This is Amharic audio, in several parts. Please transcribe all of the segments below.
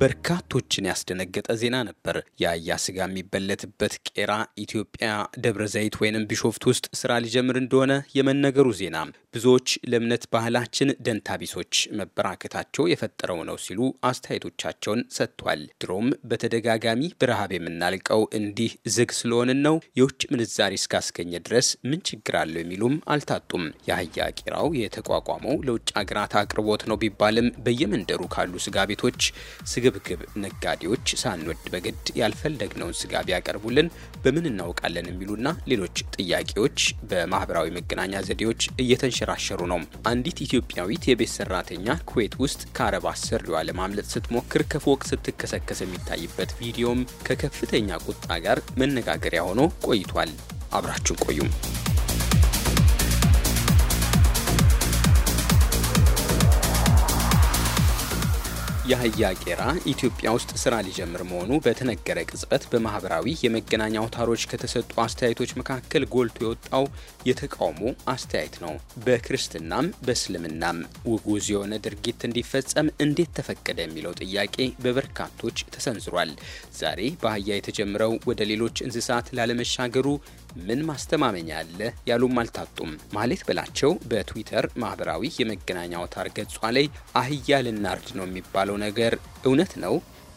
በርካቶችን ያስደነገጠ ዜና ነበር። የአህያ ስጋ የሚበለትበት ቄራ ኢትዮጵያ ደብረ ዘይት ወይንም ቢሾፍት ውስጥ ስራ ሊጀምር እንደሆነ የመነገሩ ዜና ብዙዎች ለእምነት ባህላችን ደንታቢሶች መበራከታቸው የፈጠረው ነው ሲሉ አስተያየቶቻቸውን ሰጥቷል። ድሮም በተደጋጋሚ በረሃብ የምናልቀው እንዲህ ዝግ ስለሆንን ነው። የውጭ ምንዛሪ እስካስገኘ ድረስ ምን ችግር አለው የሚሉም አልታጡም። የአህያ ቄራው የተቋቋመው ለውጭ ሀገራት አቅርቦት ነው ቢባልም በየመንደሩ ካሉ ስጋ ቤቶች ስግብግብ ነጋዴዎች ሳንወድ በግድ ያልፈለግነውን ስጋ ቢያቀርቡልን በምን እናውቃለን የሚሉና ሌሎች ጥያቄዎች በማህበራዊ መገናኛ ዘዴዎች እየተንሸራሸሩ ነው። አንዲት ኢትዮጵያዊት የቤት ሰራተኛ ኩዌት ውስጥ ከአረብ አሰሪዋ ለማምለጥ ስትሞክር ከፎቅ ስትከሰከስ የሚታይበት ቪዲዮም ከከፍተኛ ቁጣ ጋር መነጋገሪያ ሆኖ ቆይቷል። አብራችሁን ቆዩም። ያህያ ቄራ ኢትዮጵያ ውስጥ ስራ ሊጀምር መሆኑ በተነገረ ቅጽበት በማህበራዊ የመገናኛ አውታሮች ከተሰጡ አስተያየቶች መካከል ጎልቶ የወጣው የተቃውሞ አስተያየት ነው። በክርስትናም በእስልምናም ውጉዝ የሆነ ድርጊት እንዲፈጸም እንዴት ተፈቀደ የሚለው ጥያቄ በበርካቶች ተሰንዝሯል። ዛሬ በአህያ የተጀመረው ወደ ሌሎች እንስሳት ላለመሻገሩ ምን ማስተማመኛ አለ ያሉም አልታጡም። ማለት በላቸው በትዊተር ማህበራዊ የመገናኛ አውታር ገጿ ላይ አህያ ልናርድ ነው የሚባለው ነገር እውነት ነው?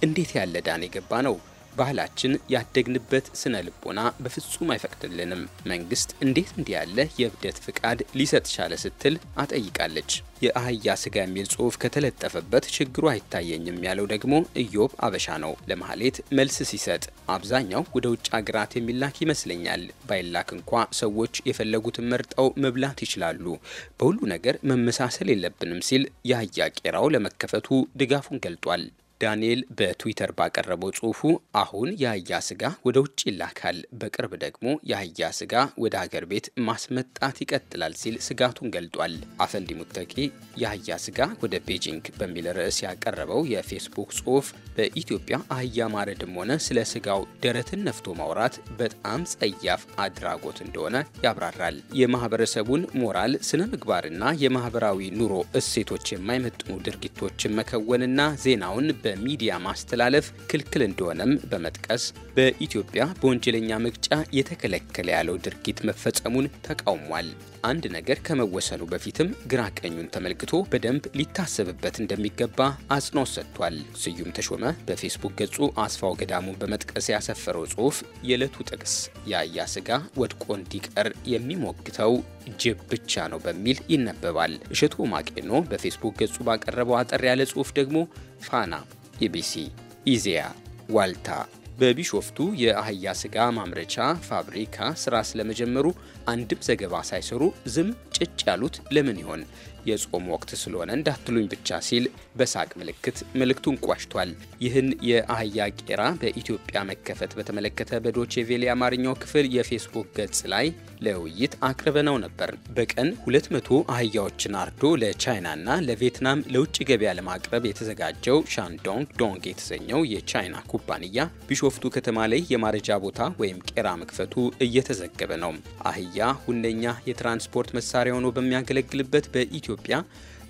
እንዴት ያለ ዳን የገባ ነው? ባህላችን ያደግንበት ስነ ልቦና በፍጹም አይፈቅድልንም። መንግስት እንዴት እንዲህ ያለ የእብደት ፍቃድ ሊሰጥ ቻለ ስትል አጠይቃለች። የአህያ ስጋ የሚል ጽሁፍ ከተለጠፈበት ችግሩ አይታየኝም ያለው ደግሞ ኢዮብ አበሻ ነው። ለመሐሌት መልስ ሲሰጥ አብዛኛው ወደ ውጭ ሀገራት የሚላክ ይመስለኛል። ባይላክ እንኳ ሰዎች የፈለጉትን መርጠው መብላት ይችላሉ። በሁሉ ነገር መመሳሰል የለብንም ሲል የአህያ ቄራው ለመከፈቱ ድጋፉን ገልጧል። ዳንኤል በትዊተር ባቀረበው ጽሁፉ አሁን የአህያ ስጋ ወደ ውጭ ይላካል፣ በቅርብ ደግሞ የአህያ ስጋ ወደ ሀገር ቤት ማስመጣት ይቀጥላል ሲል ስጋቱን ገልጧል። አፈንዲ ሙተቂ የአህያ ስጋ ወደ ቤጂንግ በሚል ርዕስ ያቀረበው የፌስቡክ ጽሁፍ በኢትዮጵያ አህያ ማረድም ሆነ ስለ ስጋው ደረትን ነፍቶ ማውራት በጣም ጸያፍ አድራጎት እንደሆነ ያብራራል። የማህበረሰቡን ሞራል፣ ስነ ምግባርና የማህበራዊ ኑሮ እሴቶች የማይመጥኑ ድርጊቶችን መከወንና ዜናውን በ በሚዲያ ማስተላለፍ ክልክል እንደሆነም በመጥቀስ በኢትዮጵያ በወንጀለኛ መቅጫ የተከለከለ ያለው ድርጊት መፈጸሙን ተቃውሟል። አንድ ነገር ከመወሰኑ በፊትም ግራ ቀኙን ተመልክቶ በደንብ ሊታሰብበት እንደሚገባ አጽንኦት ሰጥቷል። ስዩም ተሾመ በፌስቡክ ገጹ አስፋው ገዳሙን በመጥቀስ ያሰፈረው ጽሑፍ የዕለቱ ጥቅስ የአያ ስጋ ወድቆ እንዲቀር የሚሞግተው ጅብ ብቻ ነው በሚል ይነበባል። እሸቱ ማቄኖ በፌስቡክ ገጹ ባቀረበው አጠር ያለ ጽሑፍ ደግሞ ፋና ኢቢሲ፣ ኢዜያ ዋልታ በቢሾፍቱ የአህያ ስጋ ማምረቻ ፋብሪካ ስራ ስለመጀመሩ አንድም ዘገባ ሳይሰሩ ዝም ሙጭጭ ያሉት ለምን ይሆን? የጾም ወቅት ስለሆነ እንዳትሉኝ ብቻ ሲል በሳቅ ምልክት መልእክቱን ቋሽቷል። ይህን የአህያ ቄራ በኢትዮጵያ መከፈት በተመለከተ በዶቼ ቬሌ አማርኛው ክፍል የፌስቡክ ገጽ ላይ ለውይይት አቅርበነው ነበር። በቀን 200 አህያዎችን አርዶ ለቻይናና ለቪየትናም ለውጭ ገበያ ለማቅረብ የተዘጋጀው ሻንዶንግ ዶንግ የተሰኘው የቻይና ኩባንያ ቢሾፍቱ ከተማ ላይ የማረጃ ቦታ ወይም ቄራ መክፈቱ እየተዘገበ ነው። አህያ ሁነኛ የትራንስፖርት መሳሪያ መሳሪያ ሆኖ በሚያገለግልበት በኢትዮጵያ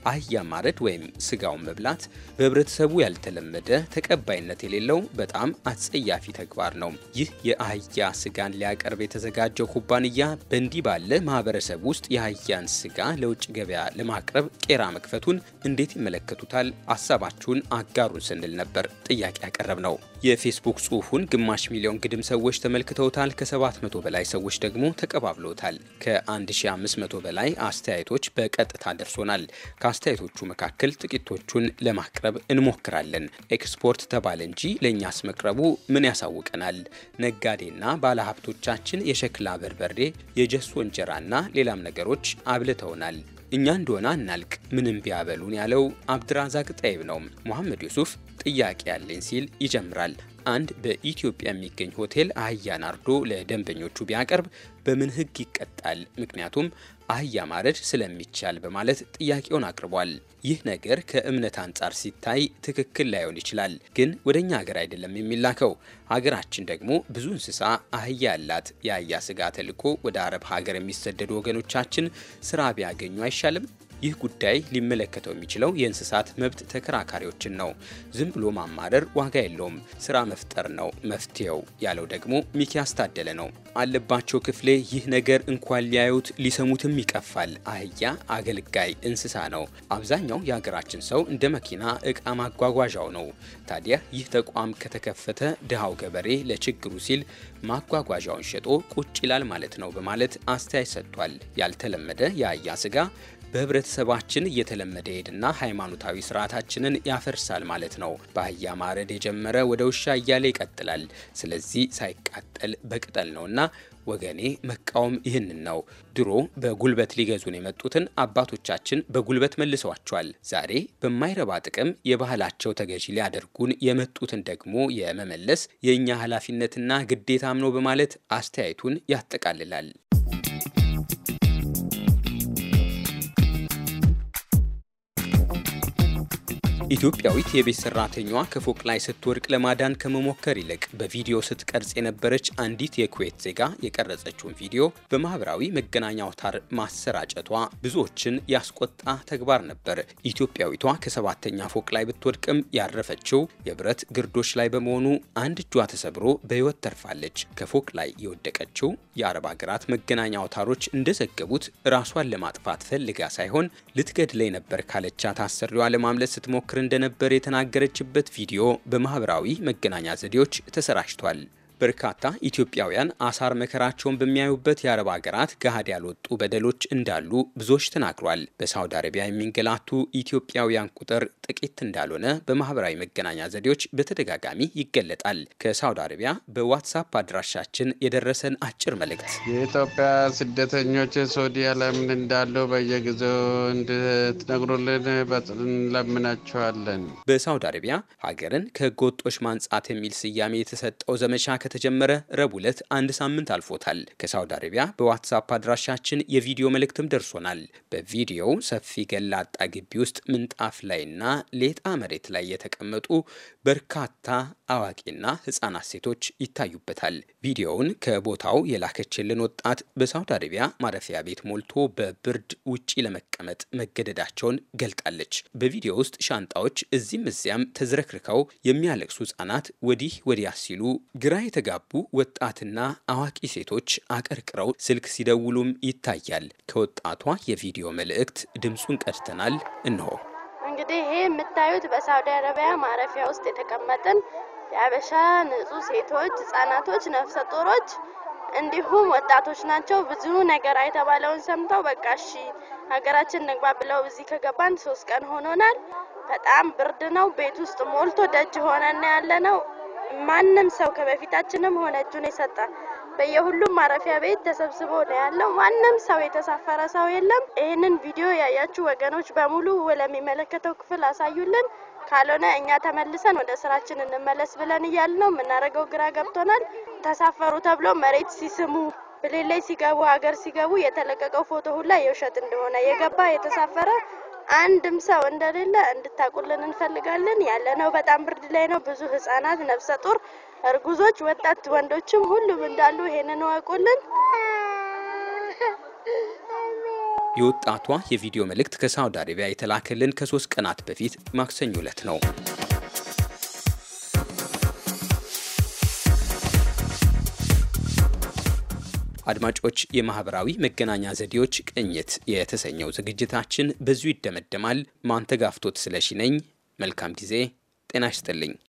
አህያ ማረድ ወይም ስጋውን መብላት በህብረተሰቡ ያልተለመደ ተቀባይነት የሌለው በጣም አጸያፊ ተግባር ነው። ይህ የአህያ ስጋን ሊያቀርብ የተዘጋጀው ኩባንያ በእንዲህ ባለ ማህበረሰብ ውስጥ የአህያን ስጋ ለውጭ ገበያ ለማቅረብ ቄራ መክፈቱን እንዴት ይመለከቱታል? ሀሳባችሁን አጋሩን ስንል ነበር ጥያቄ ያቀረብ ነው። የፌስቡክ ጽሁፉን ግማሽ ሚሊዮን ግድም ሰዎች ተመልክተውታል። ከ700 በላይ ሰዎች ደግሞ ተቀባብለውታል። ከ1500 በላይ አስተያየቶች በቀጥታ ደርሶናል። ከአስተያየቶቹ መካከል ጥቂቶቹን ለማቅረብ እንሞክራለን። ኤክስፖርት ተባለ እንጂ ለእኛስ መቅረቡ ምን ያሳውቀናል? ነጋዴና ባለሀብቶቻችን የሸክላ በርበሬ፣ የጀሶ እንጀራና ሌላም ነገሮች አብልተውናል። እኛ እንደሆነ አናልቅ ምንም ቢያበሉን ያለው አብድራዛቅ ጠይብ ነው። ሙሐመድ ዩሱፍ ጥያቄ ያለኝ ሲል ይጀምራል። አንድ በኢትዮጵያ የሚገኝ ሆቴል አህያን አርዶ ለደንበኞቹ ቢያቀርብ በምን ሕግ ይቀጣል? ምክንያቱም አህያ ማረድ ስለሚቻል በማለት ጥያቄውን አቅርቧል። ይህ ነገር ከእምነት አንጻር ሲታይ ትክክል ላይሆን ይችላል፣ ግን ወደ እኛ ሀገር አይደለም የሚላከው። ሀገራችን ደግሞ ብዙ እንስሳ አህያ ያላት። የአህያ ስጋ ተልኮ ወደ አረብ ሀገር የሚሰደዱ ወገኖቻችን ስራ ቢያገኙ አይሻልም? ይህ ጉዳይ ሊመለከተው የሚችለው የእንስሳት መብት ተከራካሪዎችን ነው። ዝም ብሎ ማማረር ዋጋ የለውም፣ ስራ መፍጠር ነው መፍትሄው ያለው ደግሞ ሚኪያስ ታደለ ነው። አለባቸው ክፍሌ ይህ ነገር እንኳን ሊያዩት ሊሰሙትም ይቀፋል። አህያ አገልጋይ እንስሳ ነው። አብዛኛው የሀገራችን ሰው እንደ መኪና እቃ ማጓጓዣው ነው። ታዲያ ይህ ተቋም ከተከፈተ ድሃው ገበሬ ለችግሩ ሲል ማጓጓዣውን ሸጦ ቁጭ ይላል ማለት ነው በማለት አስተያየት ሰጥቷል። ያልተለመደ የአህያ ስጋ በህብረተሰባችን እየተለመደ ሄድና ሃይማኖታዊ ስርዓታችንን ያፈርሳል ማለት ነው። በአህያ ማረድ የጀመረ ወደ ውሻ እያለ ይቀጥላል። ስለዚህ ሳይቃጠል በቅጠል ነውና ወገኔ መቃወም ይህንን ነው። ድሮ በጉልበት ሊገዙን የመጡትን አባቶቻችን በጉልበት መልሰዋቸዋል። ዛሬ በማይረባ ጥቅም የባህላቸው ተገዢ ሊያደርጉን የመጡትን ደግሞ የመመለስ የእኛ ኃላፊነትና ግዴታም ነው በማለት አስተያየቱን ያጠቃልላል። ኢትዮጵያዊት የቤት ሰራተኛዋ ከፎቅ ላይ ስትወድቅ ለማዳን ከመሞከር ይልቅ በቪዲዮ ስትቀርጽ የነበረች አንዲት የኩዌት ዜጋ የቀረጸችውን ቪዲዮ በማህበራዊ መገናኛ አውታር ማሰራጨቷ ብዙዎችን ያስቆጣ ተግባር ነበር። ኢትዮጵያዊቷ ከሰባተኛ ፎቅ ላይ ብትወድቅም ያረፈችው የብረት ግርዶች ላይ በመሆኑ አንድ እጇ ተሰብሮ በህይወት ተርፋለች። ከፎቅ ላይ የወደቀችው የአረብ ሀገራት መገናኛ አውታሮች እንደዘገቡት ራሷን ለማጥፋት ፈልጋ ሳይሆን ልትገድለኝ ነበር ካለቻት አሰሪዋ ለማምለጥ ስትሞክር እንደነበር የተናገረችበት ቪዲዮ በማህበራዊ መገናኛ ዘዴዎች ተሰራጭቷል። በርካታ ኢትዮጵያውያን አሳር መከራቸውን በሚያዩበት የአረብ ሀገራት ገሃድ ያልወጡ በደሎች እንዳሉ ብዙዎች ተናግሯል። በሳውዲ አረቢያ የሚንገላቱ ኢትዮጵያውያን ቁጥር ጥቂት እንዳልሆነ በማህበራዊ መገናኛ ዘዴዎች በተደጋጋሚ ይገለጣል። ከሳውዲ አረቢያ በዋትሳፕ አድራሻችን የደረሰን አጭር መልእክት የኢትዮጵያ ስደተኞች ሳውዲ ለምን እንዳሉ በየጊዜው እንድትነግሩልን እንለምናቸዋለን። በሳውዲ አረቢያ ሀገርን ከህገወጦች ማንጻት የሚል ስያሜ የተሰጠው ዘመቻ ከተጀመረ ረቡዕ ዕለት አንድ ሳምንት አልፎታል። ከሳውዲ አረቢያ በዋትሳፕ አድራሻችን የቪዲዮ መልእክትም ደርሶናል። በቪዲዮው ሰፊ ገላጣ ግቢ ውስጥ ምንጣፍ ላይና ሌጣ መሬት ላይ የተቀመጡ በርካታ አዋቂና ህጻናት ሴቶች ይታዩበታል። ቪዲዮውን ከቦታው የላከችልን ወጣት በሳውዲ አረቢያ ማረፊያ ቤት ሞልቶ በብርድ ውጪ ለመቀመጥ መገደዳቸውን ገልጣለች። በቪዲዮ ውስጥ ሻንጣዎች እዚህም እዚያም ተዝረክርከው የሚያለቅሱ ህጻናት ወዲህ ወዲያ ሲሉ ግራ የተ የተጋቡ ወጣትና አዋቂ ሴቶች አቀርቅረው ስልክ ሲደውሉም ይታያል። ከወጣቷ የቪዲዮ መልእክት ድምፁን ቀድተናል እንሆ። እንግዲህ ይህ የምታዩት በሳውዲ አረቢያ ማረፊያ ውስጥ የተቀመጥን የአበሻ ንጹህ ሴቶች፣ ህጻናቶች፣ ነፍሰ ጡሮች እንዲሁም ወጣቶች ናቸው። ብዙ ነገር የተባለውን ሰምተው በቃ እሺ ሀገራችን ንግባ ብለው እዚህ ከገባን ሶስት ቀን ሆኖናል። በጣም ብርድ ነው። ቤት ውስጥ ሞልቶ ደጅ ሆነን ያለ ነው። ማንም ሰው ከበፊታችንም ሆነ እጁን የሰጠ በየሁሉም ማረፊያ ቤት ተሰብስቦ ነው ያለው። ማንም ሰው የተሳፈረ ሰው የለም። ይህንን ቪዲዮ ያያችሁ ወገኖች በሙሉ ለሚመለከተው ክፍል አሳዩልን፣ ካልሆነ እኛ ተመልሰን ወደ ስራችን እንመለስ ብለን እያል ነው የምናደርገው። ግራ ገብቶናል። ተሳፈሩ ተብሎ መሬት ሲስሙ ብሌ ላይ ሲገቡ ሀገር ሲገቡ የተለቀቀው ፎቶ ሁላ የውሸት እንደሆነ የገባ የተሳፈረ አንድም ሰው እንደሌለ እንድታቁልን እንፈልጋለን። ያለነው በጣም ብርድ ላይ ነው። ብዙ ህጻናት፣ ነፍሰ ጡር፣ እርጉዞች፣ ወጣት ወንዶችም ሁሉም እንዳሉ ይሄንን እወቁልን። የወጣቷ የቪዲዮ መልእክት ከሳውዲ አረቢያ የተላከልን ከሶስት ቀናት በፊት ማክሰኞ ዕለት ነው። አድማጮች፣ የማህበራዊ መገናኛ ዘዴዎች ቅኝት የተሰኘው ዝግጅታችን ብዙ ይደመደማል። ማንተጋፍቶት ስለሺ ነኝ። መልካም ጊዜ። ጤና ይስጥልኝ።